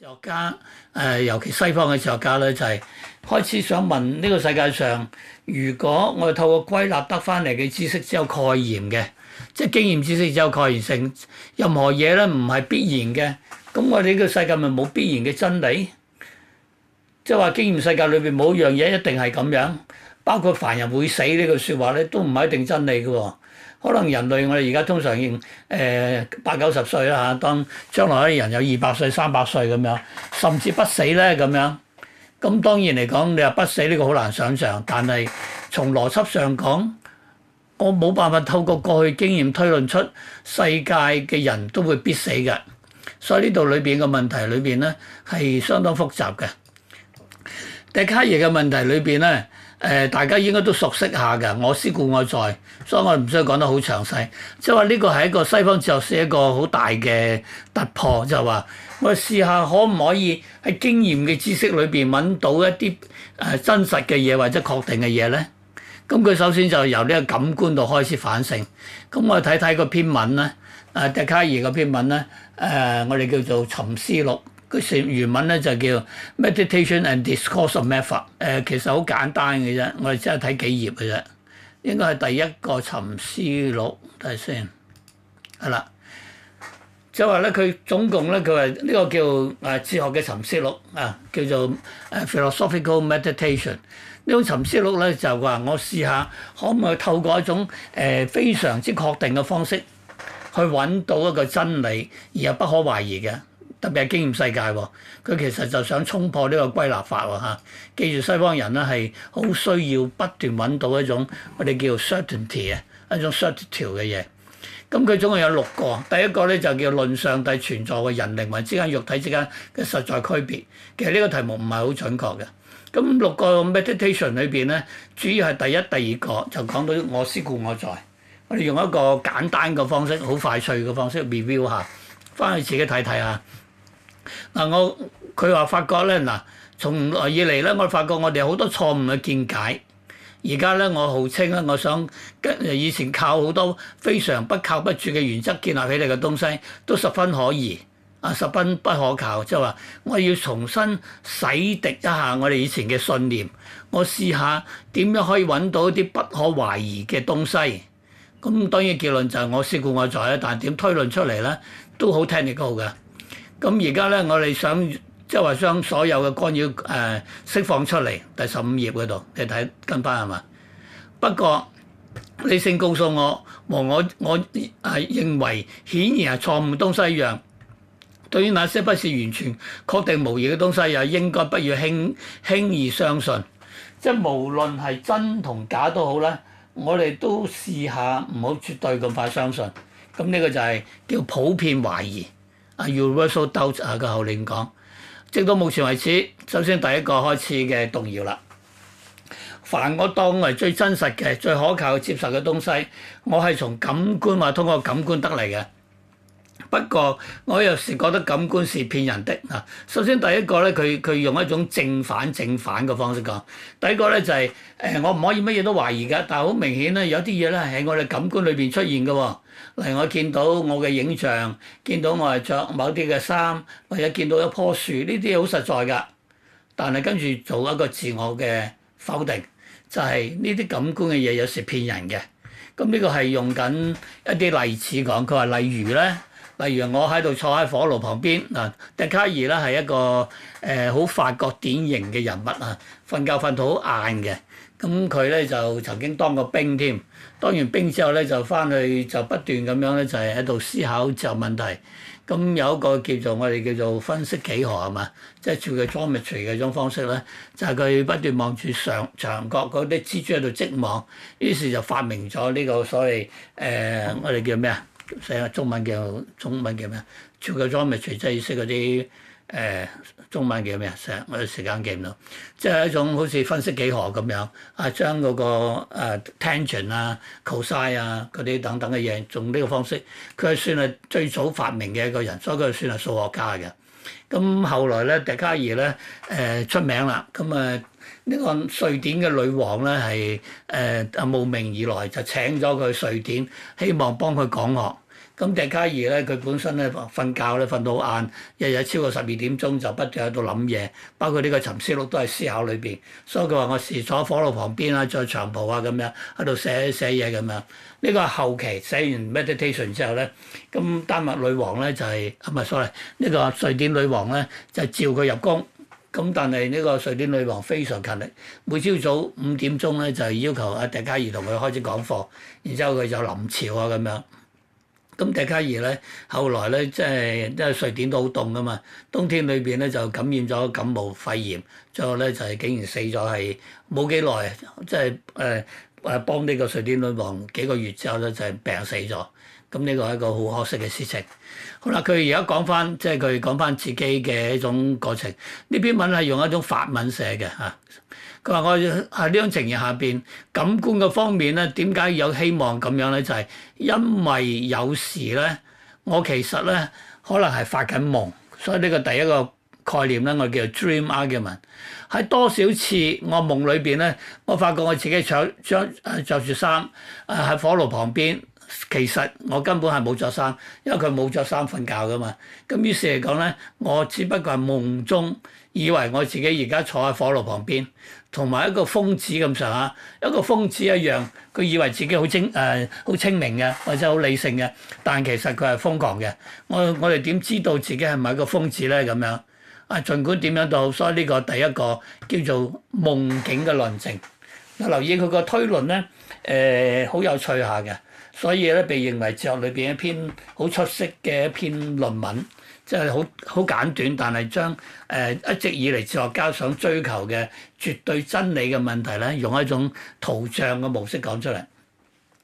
哲學家誒、呃，尤其西方嘅哲學家咧，就係、是、開始想問呢、這個世界上，如果我哋透過歸納得翻嚟嘅知識只有蓋然嘅，即係經驗知識只有蓋然性，任何嘢咧唔係必然嘅，咁我哋呢個世界咪冇必然嘅真理？即係話經驗世界裏邊冇一樣嘢一定係咁樣，包括凡人會死呢句說話咧，都唔係一定真理㗎喎。」可能人類我哋而家通常認誒八九十歲啦嚇，當將來啲人有二百歲、三百歲咁樣，甚至不死咧咁樣。咁當然嚟講，你話不死呢個好難想像，但係從邏輯上講，我冇辦法透過過去經驗推論出世界嘅人都會必死嘅。所以呢度裏邊嘅問題裏邊咧係相當複雜嘅。笛卡兒嘅問題裏邊咧。誒、呃，大家應該都熟悉下㗎。我思故我在，所以我唔需要講得好詳細。即係話呢個係一個西方哲學史一個好大嘅突破，就係、是、話我哋試下可唔可以喺經驗嘅知識裏邊搵到一啲誒真實嘅嘢或者確定嘅嘢咧？咁佢首先就由呢個感官度開始反省。咁我哋睇睇個篇文咧，阿、呃、笛卡兒嘅篇文咧，誒、呃、我哋叫做《沉思錄》。佢成原文咧就叫 Meditation and Discourse of Method，誒、呃、其實好簡單嘅啫，我哋只係睇幾頁嘅啫。應該係第一個沉思錄睇下先，係啦。即係話咧，佢總共咧，佢話呢個叫誒哲學嘅沉思錄啊，叫做 Philosophical Meditation。呢種沉思錄咧就話我試下可唔可以透過一種誒非常之確定嘅方式去揾到一個真理而係不可懷疑嘅。特別係經驗世界喎，佢其實就想衝破呢個歸納法喎嚇、啊。記住，西方人咧係好需要不斷揾到一種我哋叫 certainty 啊，一種 certainty 嘅嘢。咁佢總共有六個，第一個咧就叫論上帝存在嘅人靈魂之間、肉體之間嘅實在區別。其實呢個題目唔係好準確嘅。咁六個 meditation 裏邊咧，主要係第一、第二個就講到我思故我在。我哋用一個簡單嘅方式、好快脆嘅方式 review 下，翻去自己睇睇啊！嗱，我佢話發覺咧，嗱，從來以嚟咧，我發覺我哋有好多錯誤嘅見解。而家咧，我號稱咧，我想跟以前靠好多非常不靠不住嘅原則建立起嚟嘅東西，都十分可疑，啊，十分不可靠。即係話，我要重新洗滌一下我哋以前嘅信念。我試下點樣可以揾到一啲不可懷疑嘅東西。咁當然結論就係我師傅我在啊，但點推論出嚟咧，都的好聽你都好嘅。咁而家咧，我哋想即係話將所有嘅干擾誒釋放出嚟，第十五頁嗰度，你睇跟翻係嘛？不過理性告訴我和我我誒認為顯然係錯誤東西一樣，對於那些不是完全確定無疑嘅東西，又應該不要輕輕易相信。即係無論係真同假都好啦，我哋都試下唔好絕對咁快相信。咁呢個就係叫普遍懷疑。啊，Universal Doubt 啊，個後面講，直到目前為止，首先第一個開始嘅動搖啦。凡我當為最真實嘅、最可靠接受嘅東西，我係從感官或通過感官得嚟嘅。不過我有時覺得感官是騙人的嗱。首先第一個咧，佢佢用一種正反正反嘅方式講。第一個咧就係、是、誒、欸，我唔可以乜嘢都懷疑㗎，但係好明顯咧，有啲嘢咧喺我哋感官裏邊出現嘅喎。例如我見到我嘅影像，見到我係着某啲嘅衫，或者見到一樖樹，呢啲好實在㗎。但係跟住做一個自我嘅否定，就係呢啲感官嘅嘢有時騙人嘅。咁呢個係用緊一啲例子講，佢話例如咧。例如我喺度坐喺火爐旁邊嗱，笛卡爾咧係一個誒好、呃、法國典型嘅人物啊，瞓覺瞓到好晏嘅，咁佢咧就曾經當過兵添，當完兵之後咧就翻去就不斷咁樣咧就係喺度思考就問題，咁、嗯、有一個叫做我哋叫做分析幾何係嘛，即係做嘅 geometry 嗰種方式咧，就係、是、佢不斷望住牆牆角嗰啲蜘蛛喺度織網，於是就發明咗呢、這個所謂誒、呃、我哋叫咩啊？成日中文叫中文叫咩啊？全夠裝咪最擠式嗰啲誒中文叫咩啊？成日我哋時間記唔到，即係一種好似分析幾何咁樣，啊將嗰、那個誒、呃、tangent 啊、cos 啊嗰啲等等嘅嘢，用呢個方式，佢係算係最早發明嘅一個人，所以佢算係數學家嘅。咁、啊、後來咧，笛卡兒咧誒、呃、出名啦，咁啊～呢個瑞典嘅女王咧係誒慕名而來，就請咗佢瑞典，希望幫佢講學。咁笛卡兒咧，佢本身咧瞓覺咧瞓到好晏，日日超過十二點鐘就不斷喺度諗嘢，包括呢個沉思錄都係思考裏邊。所以佢話：我試坐火爐旁邊啊，着長袍啊咁樣喺度寫寫嘢咁樣。呢、這個後期寫完 meditation 之後咧，咁丹麥女王咧就係、是、啊唔係 sorry，呢個瑞典女王咧就召佢入宮。咁但係呢個瑞典女王非常勤力，每朝早五點鐘咧就要求阿笛卡兒同佢開始講課，然之後佢就臨朝啊咁樣。咁笛卡兒咧後來咧即係因為瑞典都好凍噶嘛，冬天裏邊咧就感染咗感冒肺炎，最後咧就係竟然死咗，係冇幾耐，即係誒誒幫呢個瑞典女王幾個月之後咧就係病死咗。咁呢個係一個好可惜嘅事情。好啦，佢而家講翻，即係佢講翻自己嘅一種過程。呢篇文係用一種法文寫嘅嚇。佢、啊、話我喺呢種情形下邊，感官嘅方面咧，點解有希望咁樣咧？就係、是、因為有時咧，我其實咧可能係發緊夢，所以呢個第一個概念咧，我叫做 dream argument。喺多少次我夢裏邊咧，我發覺我自己着將著住衫喺火爐旁邊。其實我根本係冇着衫，因為佢冇着衫瞓覺㗎嘛。咁於是嚟講咧，我只不過係夢中以為我自己而家坐喺火爐旁邊，同埋一個瘋子咁上下，一個瘋子一樣，佢以為自己好清誒、好、呃、清明嘅，或者好理性嘅，但其實佢係瘋狂嘅。我我哋點知道自己係咪一個瘋子咧？咁樣啊，儘管點樣都好，所以呢個第一個叫做夢境嘅論證。留意佢個推論咧，誒、呃、好有趣下嘅，所以咧被認為哲學裏邊一篇好出色嘅一篇論文，即係好好簡短，但係將誒、呃、一直以嚟哲學家想追求嘅絕對真理嘅問題咧，用一種圖像嘅模式講出嚟。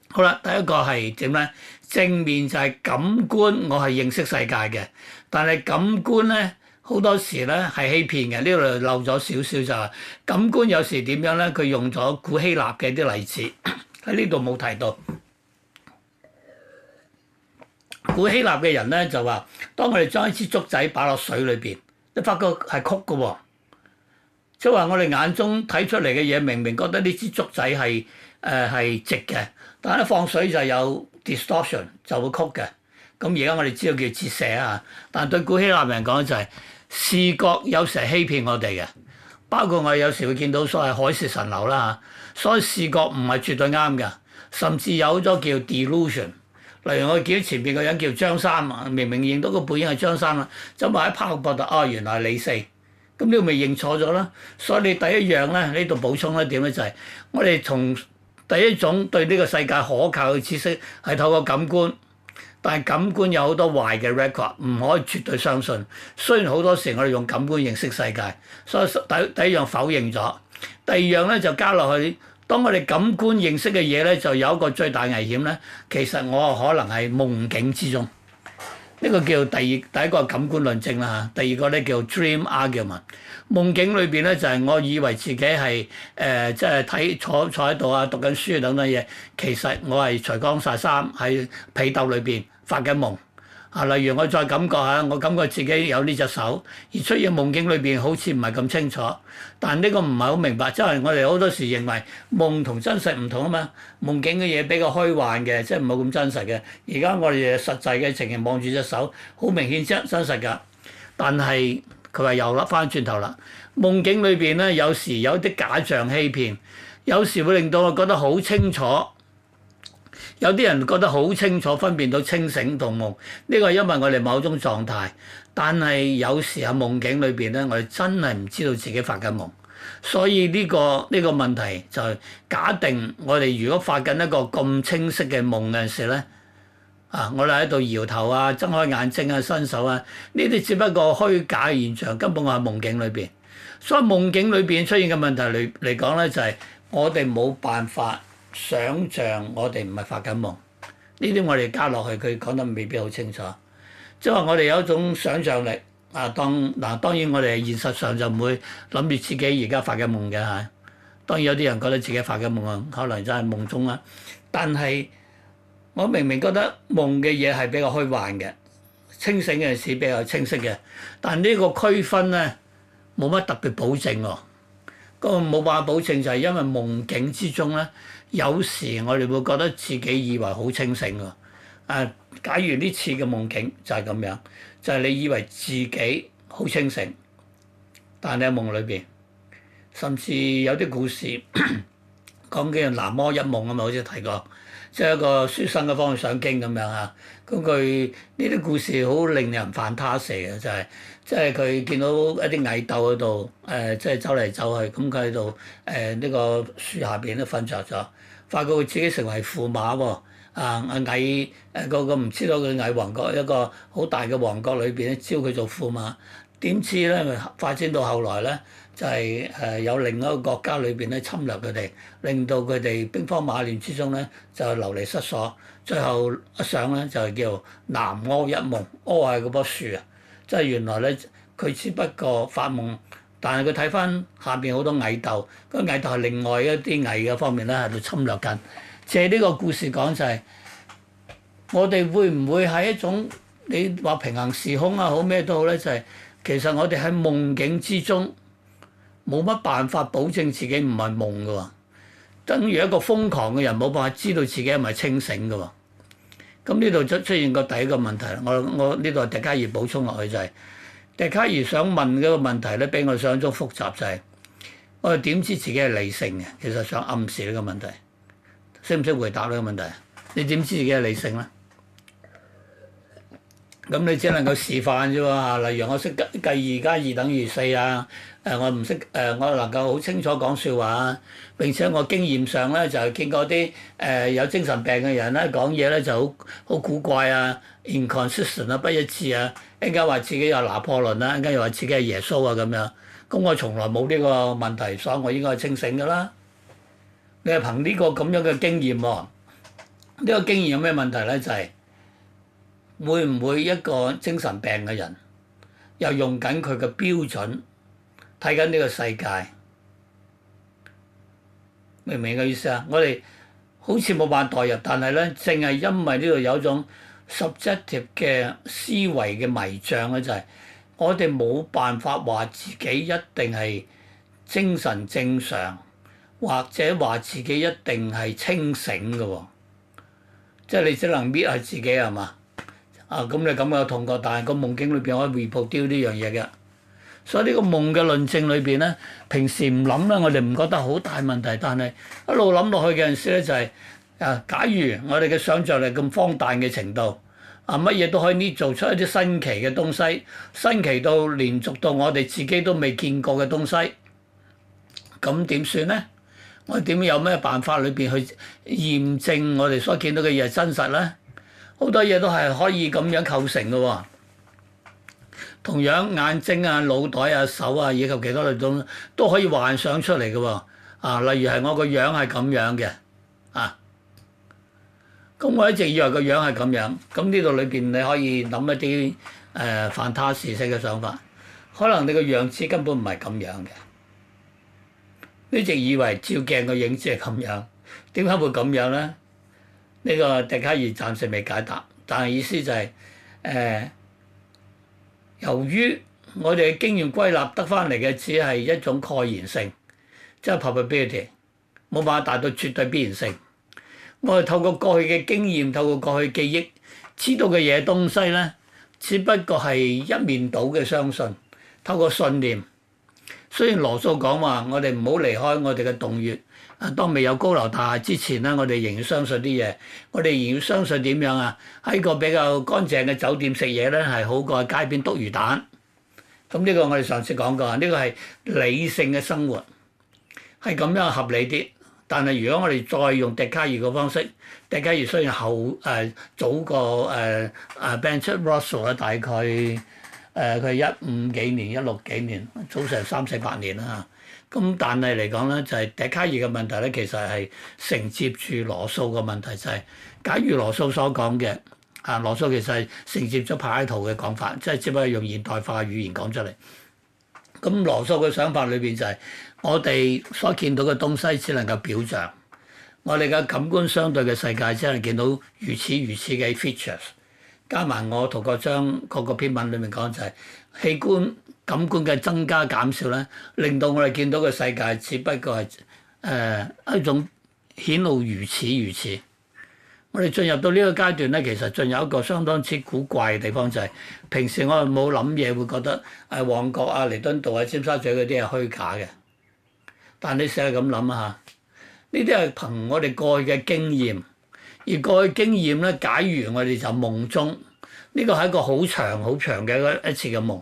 好啦，第一個係點咧？正面就係感官，我係認識世界嘅，但係感官咧。好多時咧係欺騙嘅，呢度漏咗少少就話感官有時點樣咧？佢用咗古希臘嘅啲例子喺呢度冇提到。古希臘嘅人咧就話：當我哋將一支竹仔擺落水裏邊，你發覺係曲嘅喎。即係話我哋眼中睇出嚟嘅嘢，明明覺得呢支竹仔係誒係直嘅，但係一放水就有 distortion 就會曲嘅。咁而家我哋知道叫折射啊，但對古希臘人講就係。視覺有時欺騙我哋嘅，包括我有時會見到所謂海市蜃樓啦嚇，所以視覺唔係絕對啱㗎，甚至有咗叫 delusion。例如我見到前邊個人叫張三啊，明明認到個背影係張三啊，走埋拍落邊就哦，原來係李四，咁呢個咪認錯咗啦。所以你第一樣咧，呢度補充一點咧就係、是，我哋從第一種對呢個世界可靠嘅知識係透過感官。但係感官有好多壞嘅 record 唔可以絕對相信。雖然好多時我哋用感官認識世界，所以第第一樣否認咗。第二樣咧就加落去，當我哋感官認識嘅嘢咧，就有一個最大危險咧，其實我可能係夢境之中。呢、這個叫第二第一個感官論證啦嚇。第二個咧叫 Dream Argument。夢境裏邊咧就係、是、我以為自己係誒即係睇坐坐喺度啊，讀緊書等等嘢。其實我係除光曬衫喺被竇裏邊。發嘅夢啊，例如我再感覺下，我感覺自己有呢隻手，而出現夢境裏邊好似唔係咁清楚，但呢個唔係好明白，即係我哋好多時認為夢同真實唔同啊嘛，夢境嘅嘢比較虛幻嘅，即係冇咁真實嘅。而家我哋實際嘅情形望住隻手，好明顯真真實㗎。但係佢話又甩翻轉頭啦，夢境裏邊咧有時有啲假象欺騙，有時會令到我覺得好清楚。有啲人覺得好清楚，分辨到清醒同夢，呢個因為我哋某種狀態。但係有時喺夢境裏邊咧，我哋真係唔知道自己發緊夢。所以呢個呢個問題就係假定我哋如果發緊一個咁清晰嘅夢嘅時咧，啊，我哋喺度搖頭啊，睜開眼睛啊，伸手啊，呢啲只不過虛假嘅現象，根本我係夢境裏邊。所以夢境裏邊出現嘅問題嚟嚟講咧，就係我哋冇辦法。想像我哋唔係發緊夢，呢啲我哋加落去佢講得未必好清楚。即係話我哋有一種想像力啊，當嗱當然我哋現實上就唔會諗住自己而家發緊夢嘅嚇、啊。當然有啲人覺得自己發緊夢可能真係夢中啦。但係我明明覺得夢嘅嘢係比較虛幻嘅，清醒嘅時比較清晰嘅。但呢個區分咧冇乜特別保證喎、哦。個冇辦法保證就係、是、因為夢境之中咧。有時我哋會覺得自己以為好清醒啊！誒，假如呢次嘅夢境就係咁樣，就係、是、你以為自己好清醒，但係喺夢裏邊，甚至有啲故事 講嘅南柯一夢啊嘛，我好似提過，即、就、係、是、一個書生嘅方向上京咁樣啊。咁佢呢啲故事好令人犯他蛇嘅就係、是。即係佢見到一啲蟻竇喺度，誒、呃、即係走嚟走去，咁佢喺度誒呢個樹下邊咧瞓着咗。發覺佢自己成為駙馬喎、哦，啊蟻啊蟻誒個個唔知道佢蟻王國一個好大嘅王國裏邊招佢做駙馬。點知呢？發展到後來呢，就係、是、誒有另一個國家裏邊咧侵略佢哋，令到佢哋兵荒馬亂之中呢，就流離失所。最後一想呢，就係、是、叫南柯一夢，柯係嗰樖樹啊！即係原來呢，佢只不過發夢，但係佢睇翻下邊好多蟻竇，個蟻竇係另外一啲蟻嘅方面呢，喺度侵略緊。借呢個故事講就係，我哋會唔會係一種你話平行時空啊，好咩都好呢，就係、是、其實我哋喺夢境之中，冇乜辦法保證自己唔係夢㗎喎。等於一個瘋狂嘅人，冇辦法知道自己係咪清醒㗎喎。咁呢度出出現個第一個問題，我我呢度笛卡兒補充落去就係、是，笛卡兒想問嗰個問題咧，比我想像中複雜就係、是，我哋點知自己係理性嘅？其實想暗示呢個問題，識唔識回答呢個問題？你點知自己係理性咧？咁你只能夠示範啫喎，例如我識計二加二等於四啊。誒我唔識誒，我能夠好清楚講説話啊！並且我經驗上呢，就係見過啲誒有精神病嘅人咧，講嘢呢，就好好古怪啊，inconsistent 啊，不一致啊，一陣間話自己有拿破崙啦，一陣間又話自己係耶穌啊咁樣。咁我從來冇呢個問題，所以我應該清醒㗎啦。你係憑呢個咁樣嘅經驗喎？呢個經驗有咩問題呢？就係會唔會一個精神病嘅人又用緊佢嘅標準？睇緊呢個世界，明唔明個意思啊？我哋好似冇辦法代入，但係呢，淨係因為呢度有一種 subjective 嘅思維嘅迷障呢就係，我哋冇辦法話自己一定係精神正常，或者話自己一定係清醒㗎喎。即係你只能搣下自己係嘛？啊，咁你咁有痛覺，但係個夢境裏邊可以 report 掉呢樣嘢嘅。所以呢個夢嘅論證裏邊呢，平時唔諗呢，我哋唔覺得好大問題。但係一路諗落去嘅陣時呢，就係啊，假如我哋嘅想像力咁荒誕嘅程度，啊乜嘢都可以捏造出一啲新奇嘅東西，新奇到連續到我哋自己都未見過嘅東西，咁點算呢？我哋點有咩辦法裏邊去驗證我哋所見到嘅嘢係真實呢？好多嘢都係可以咁樣構成㗎喎。同樣眼睛啊、腦袋啊、手啊，以及其他類種都可以幻想出嚟㗎喎。啊，例如係我個樣係咁樣嘅，啊，咁我一直以為個樣係咁樣。咁呢度裏邊你可以諗一啲誒反差視覺嘅想法。可能你個樣子根本唔係咁樣嘅，你一直以為照鏡個影子係咁樣，點解會咁樣呢？呢、這個笛卡兒暫時未解答，但係意思就係、是、誒。呃由於我哋嘅經驗歸納得翻嚟嘅，只係一種概然性，即係 probability，冇辦法達到絕對必然性。我哋透過過去嘅經驗，透過過去記憶知道嘅嘢東西咧，只不過係一面倒嘅相信，透過信念。雖然羅素講話，我哋唔好離開我哋嘅洞穴。當未有高樓大廈之前咧，我哋仍然相信啲嘢。我哋仍然相信點樣啊？喺個比較乾淨嘅酒店食嘢咧，係好過喺街邊篤魚蛋。咁、嗯、呢、這個我哋上次講過，呢、這個係理性嘅生活，係咁樣合理啲。但係如果我哋再用笛卡兒嘅方式，笛卡兒雖然後誒、呃、早過誒啊 Bertrand Russell 啊，大概誒佢、呃、一五幾年、一六幾年，早成三四百年啦。咁但係嚟講咧，就係笛卡兒嘅問題咧，其實係承接住羅素嘅問題，就係假如羅素所講嘅，啊羅素其實係承接咗柏拉圖嘅講法，即係只不過用現代化語言講出嚟。咁羅素嘅想法裏邊就係，我哋所見到嘅東西只能夠表象，我哋嘅感官相對嘅世界只能見到如此如此嘅 features。加埋我圖個章各個篇文裏面講，就係器官感官嘅增加減少呢，令到我哋見到嘅世界只不過係誒、呃、一種顯露如此如此。我哋進入到呢個階段呢，其實仲有一個相當之古怪嘅地方，就係、是，平時我哋冇諗嘢會覺得誒、啊、旺角啊、彌敦道啊、尖沙咀嗰啲係虛假嘅，但你試下咁諗下，呢啲係憑我哋過去嘅經驗。而過去經驗咧，假如我哋就夢中，呢個係一個好長好長嘅一次嘅夢。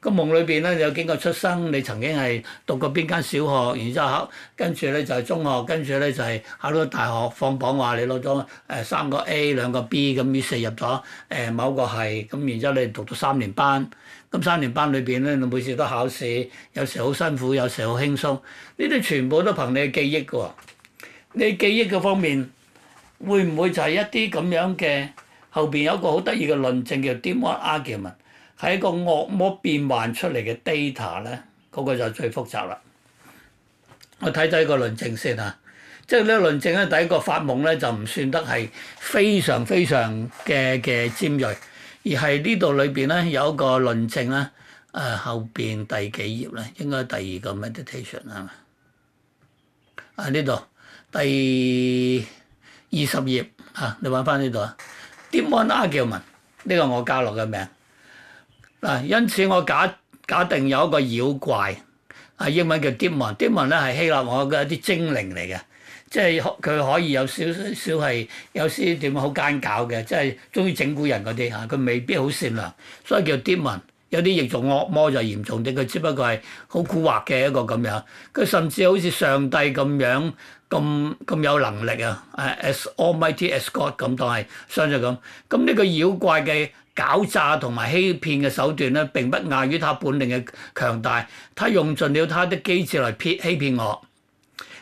個夢裏邊咧，你有經過出生，你曾經係讀過邊間小學，然之後考跟住咧就係、是、中學，跟住咧就係、是、考到大學，放榜話你攞咗誒三個 A 兩個 B 咁，於是入咗誒某個系，咁然之後你讀咗三年班。咁三年班裏邊咧，你每次都考試，有時好辛苦，有時好輕鬆。呢啲全部都憑你嘅記憶嘅喎、哦，你記憶嘅方面。會唔會就係一啲咁樣嘅？後邊有一個好得意嘅論證叫 Demon Argument，係一個惡魔變幻出嚟嘅 data 咧，嗰、那個就最複雜啦。我睇睇個論證先嚇，即係呢個論證咧，第一個發夢咧就唔算得係非常非常嘅嘅尖鋭，而係呢度裏邊咧有一個論證咧，誒、啊、後邊第幾頁咧，應該第二個 meditation 係嘛，啊呢度第。二十頁嚇，你揾翻呢度啊。Demon argument 呢個我加落嘅名嗱，因此我假假定有一個妖怪，啊，英文叫 Demon，Demon 咧係希臘話嘅一啲精靈嚟嘅，即係佢可以有少少係有少點好奸狡嘅，即係中意整蠱人嗰啲嚇，佢未必好善良，所以叫 Demon。有啲譯做惡魔就嚴重啲，佢只不過係好蠱惑嘅一個咁樣，佢甚至好似上帝咁樣。咁咁有能力啊！誒，as Almighty as God 咁當係相信咁。咁呢個妖怪嘅狡詐同埋欺騙嘅手段咧，並不亞於他本領嘅強大。他用盡了他的機智嚟騙欺騙我。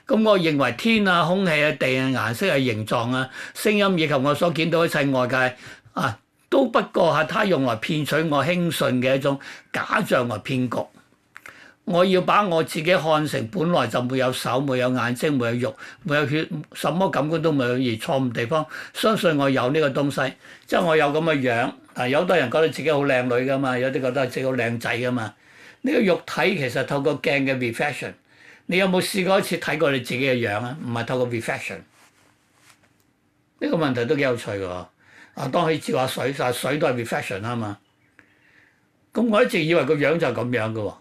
咁我認為天啊、空氣啊、地啊、顏色啊、形狀啊、聲音以及我所見到一切外界啊，都不過係他用來騙取我輕信嘅一種假象和騙局。我要把我自己看成本來就沒有手、沒有眼睛、沒有肉、沒有血，什麼感官都沒有，而錯誤地方相信我有呢個東西，即係我有咁嘅樣。嗱，有啲人覺得自己好靚女噶嘛，有啲覺得自己好靚仔噶嘛。呢個肉體其實透過鏡嘅 reflection，你有冇試過一次睇過你自己嘅樣啊？唔係透過 reflection 呢個問題都幾有趣嘅喎。啊，當佢照下水晒水都係 reflection 啊嘛。咁我一直以為個樣就係咁樣嘅喎。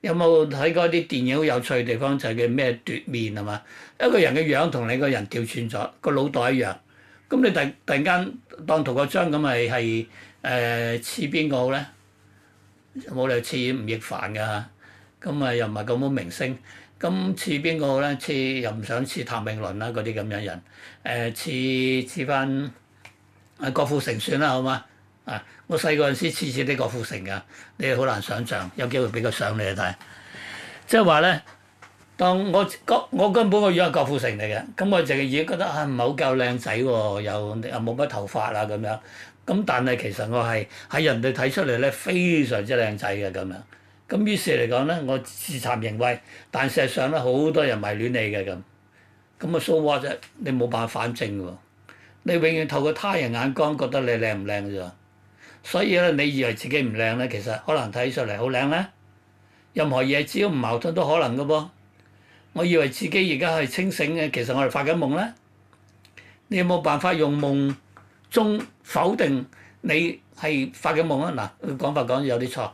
有冇睇過啲電影？好有趣嘅地方就係叫咩奪面吖嘛？一個人嘅樣同你個人調轉咗，個腦袋一樣。咁你突突然間當圖個章咁咪係誒似邊個好呢？冇理由似吳亦凡㗎。咁、啊、咪又唔係咁好明星。咁、啊、似邊個好呢？似「似又唔想似譚詠麟啦嗰啲咁樣人。誒、呃、似似翻、啊、郭富城算啦，好嘛？我細個陣時次次啲郭富城噶，你係好難想象有機會俾個相你啊睇，即係話咧，當我個我根本個樣係郭富城嚟嘅，咁我就係已經覺得啊唔係好夠靚仔喎，又冇乜頭髮啊咁樣，咁但係其實我係喺人哋睇出嚟咧非常之靚仔嘅咁樣，咁於是嚟講咧我自慚形穢，但事實上咧好多人迷戀你嘅咁，咁啊 so what 你冇辦法反證嘅喎，你永遠透過他人眼光覺得你靚唔靚嘅啫。所以咧，你以為自己唔靚咧，其實可能睇起上嚟好靚咧。任何嘢只要唔矛盾都可能㗎噃。我以為自己而家係清醒嘅，其實我哋發緊夢咧。你有冇辦法用夢中否定你係發緊夢啊？嗱，講法講有啲錯。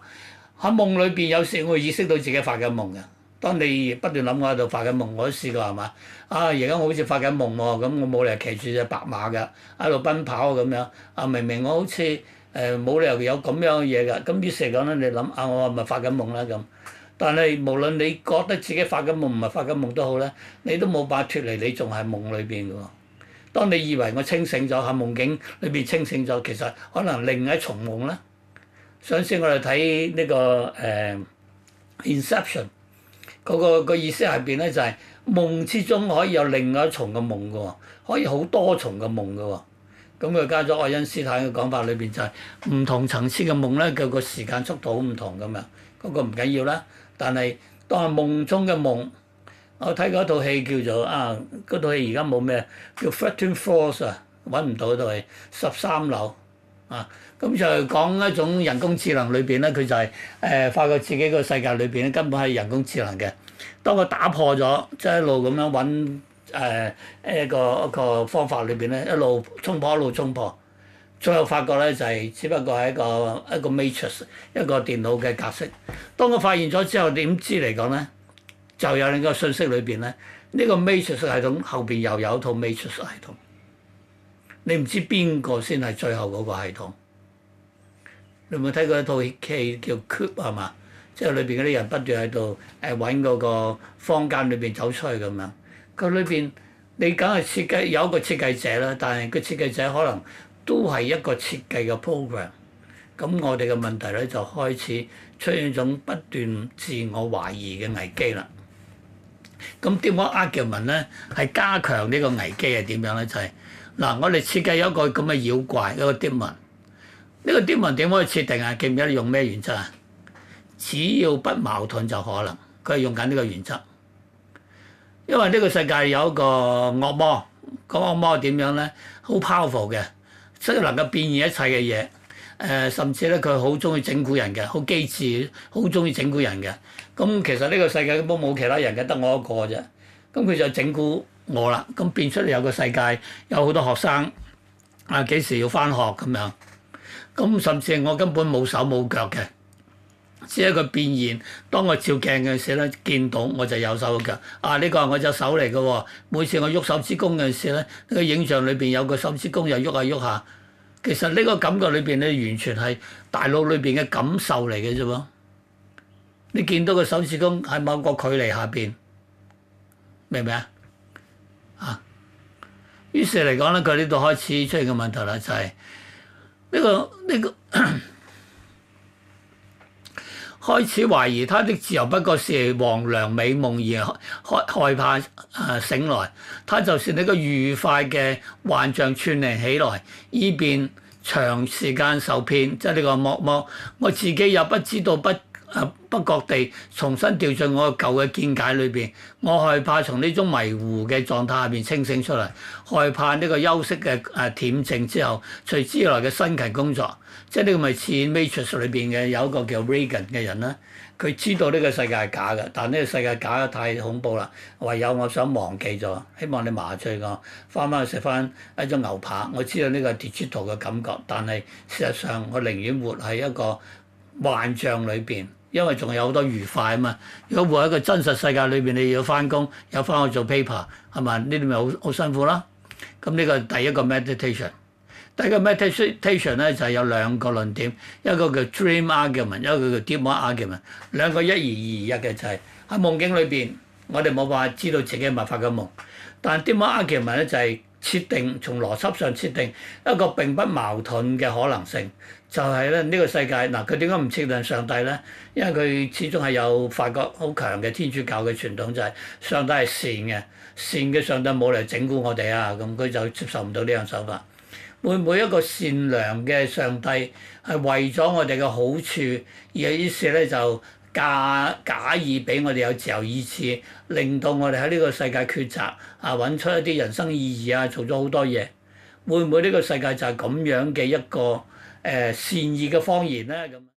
喺夢裏邊有時我會意識到自己發緊夢嘅。當你不斷諗我喺度發緊夢，我都試過係嘛？啊，而家我好似發緊夢喎，咁我冇理由騎住隻白馬㗎，喺度奔跑咁樣。啊，明明我好似～誒冇理由有咁樣嘅嘢㗎，咁於是講咧，你諗啊，我係咪發緊夢啦咁？但係無論你覺得自己發緊夢唔係發緊夢都好咧，你都冇辦法脱離你，你仲係夢裏邊嘅喎。當你以為我清醒咗，喺夢境裏邊清醒咗，其實可能另一重夢咧。上次我哋睇呢個誒《Inception、呃》嗰 In、嗰個、嗰個意思係邊呢？就係、是、夢之中可以有另一重嘅夢嘅喎，可以好多重嘅夢嘅喎。咁佢加咗愛因斯坦嘅講法裏邊就係唔同層次嘅夢咧，佢個時間速度好唔同咁樣，嗰個唔緊要啦。但係當係夢中嘅夢，我睇過一套戲叫做啊，嗰套戲而家冇咩，叫 Thirteen Floors 啊，揾唔到嗰套戲。十三樓啊，咁就係講一種人工智能裏邊咧，佢就係誒發覺自己個世界裏邊咧根本係人工智能嘅。當佢打破咗，即係一路咁樣揾。誒、呃、一個一個方法裏邊咧，一路衝破一路衝破。最後發覺呢，就係、是、只不過係一個一個 matrix 一個電腦嘅格式。當我發現咗之後，點知嚟講呢？就有兩個信息裏邊咧，呢、呢個 matrix 系統後邊又有一套 matrix 系統。你唔知邊個先係最後嗰個系統。你有冇睇過一套戲叫 Cube，《Cube、就是》啊？嘛，即係裏邊嗰啲人不斷喺度誒揾嗰個方間裏邊走出去咁樣。佢裏邊你梗係設計有一個設計者啦，但係個設計者可能都係一個設計嘅 program。咁我哋嘅問題咧就開始出現一種不斷自我懷疑嘅危機啦。咁點解 a r g u 厄茲文咧係加強呢個危機係點樣咧？就係、是、嗱，我哋設計有一個咁嘅妖怪嗰個啲 n 呢個啲 n 點可以設定啊？記唔記得用咩原則啊？只要不矛盾就可能，佢係用緊呢個原則。因為呢個世界有一個惡魔，個惡魔點樣咧？好 powerful 嘅，即係能夠變現一切嘅嘢。誒、呃，甚至咧佢好中意整蠱人嘅，好機智，好中意整蠱人嘅。咁、嗯、其實呢個世界都冇其他人嘅，得我一個啫。咁、嗯、佢就整蠱我啦。咁、嗯、變出嚟有個世界，有好多學生。啊，幾時要返學咁樣？咁、嗯、甚至我根本冇手冇腳嘅。只係佢變現，當我照鏡嘅時候咧，見到我就有手腳。啊，呢、呢個係我隻手嚟嘅。每次我喐手指公嘅時候咧，呢個影像裏邊有個手指公又喐下喐下。其實呢個感覺裏邊咧，完全係大腦裏邊嘅感受嚟嘅啫喎。你見到個手指公喺某個距離下邊，明唔明啊？啊，於是嚟講咧，佢呢度開始出現個問題啦，就係呢個呢個。呢個 開始懷疑他的自由不過是黃粱美夢，而害害怕誒醒來。他就是一個愉快嘅幻象串聯起來，以便長時間受騙。即係呢個魔魔，我自己又不知道不。啊、不覺地重新掉進我個舊嘅見解裏邊，我害怕從呢種迷糊嘅狀態下邊清醒出嚟，害怕呢個休息嘅啊恬靜之後，隨之來嘅辛勤工作。即係呢個咪似 Matrix 裏邊嘅有一個叫 Regan 嘅人啦。佢知道呢個世界係假嘅，但呢個世界假得太恐怖啦。唯有我想忘記咗，希望你麻醉我，翻返去食翻一種牛扒。我知道呢個係 digital 嘅感覺，但係事實上我寧願活喺一個幻象裏邊。因為仲有好多愉快啊嘛！如果活喺一個真實世界裏邊，你要翻工，有翻去做 paper 係嘛？呢啲咪好好辛苦啦。咁呢個第一個 meditation，第一個 meditation 咧就係有兩個論點，一個叫 dream argument，一個叫 demon argument。兩個一而二、二而一嘅就係、是、喺夢境裏邊，我哋冇辦法知道自己係咪發緊夢，但 demon argument 咧就係設定從邏輯上設定一個並不矛盾嘅可能性。就係咧，呢個世界嗱，佢點解唔信任上帝咧？因為佢始終係有法國好強嘅天主教嘅傳統，就係上帝係善嘅，善嘅上帝冇嚟整蠱我哋啊！咁佢就接受唔到呢樣手法。會唔會一個善良嘅上帝係為咗我哋嘅好處而於是咧就假假意俾我哋有自由意志，令到我哋喺呢個世界抉擇啊，搵出一啲人生意義啊，做咗好多嘢。會唔會呢個世界就係咁樣嘅一個？誒、呃、善意嘅謊言啦，啊，咁。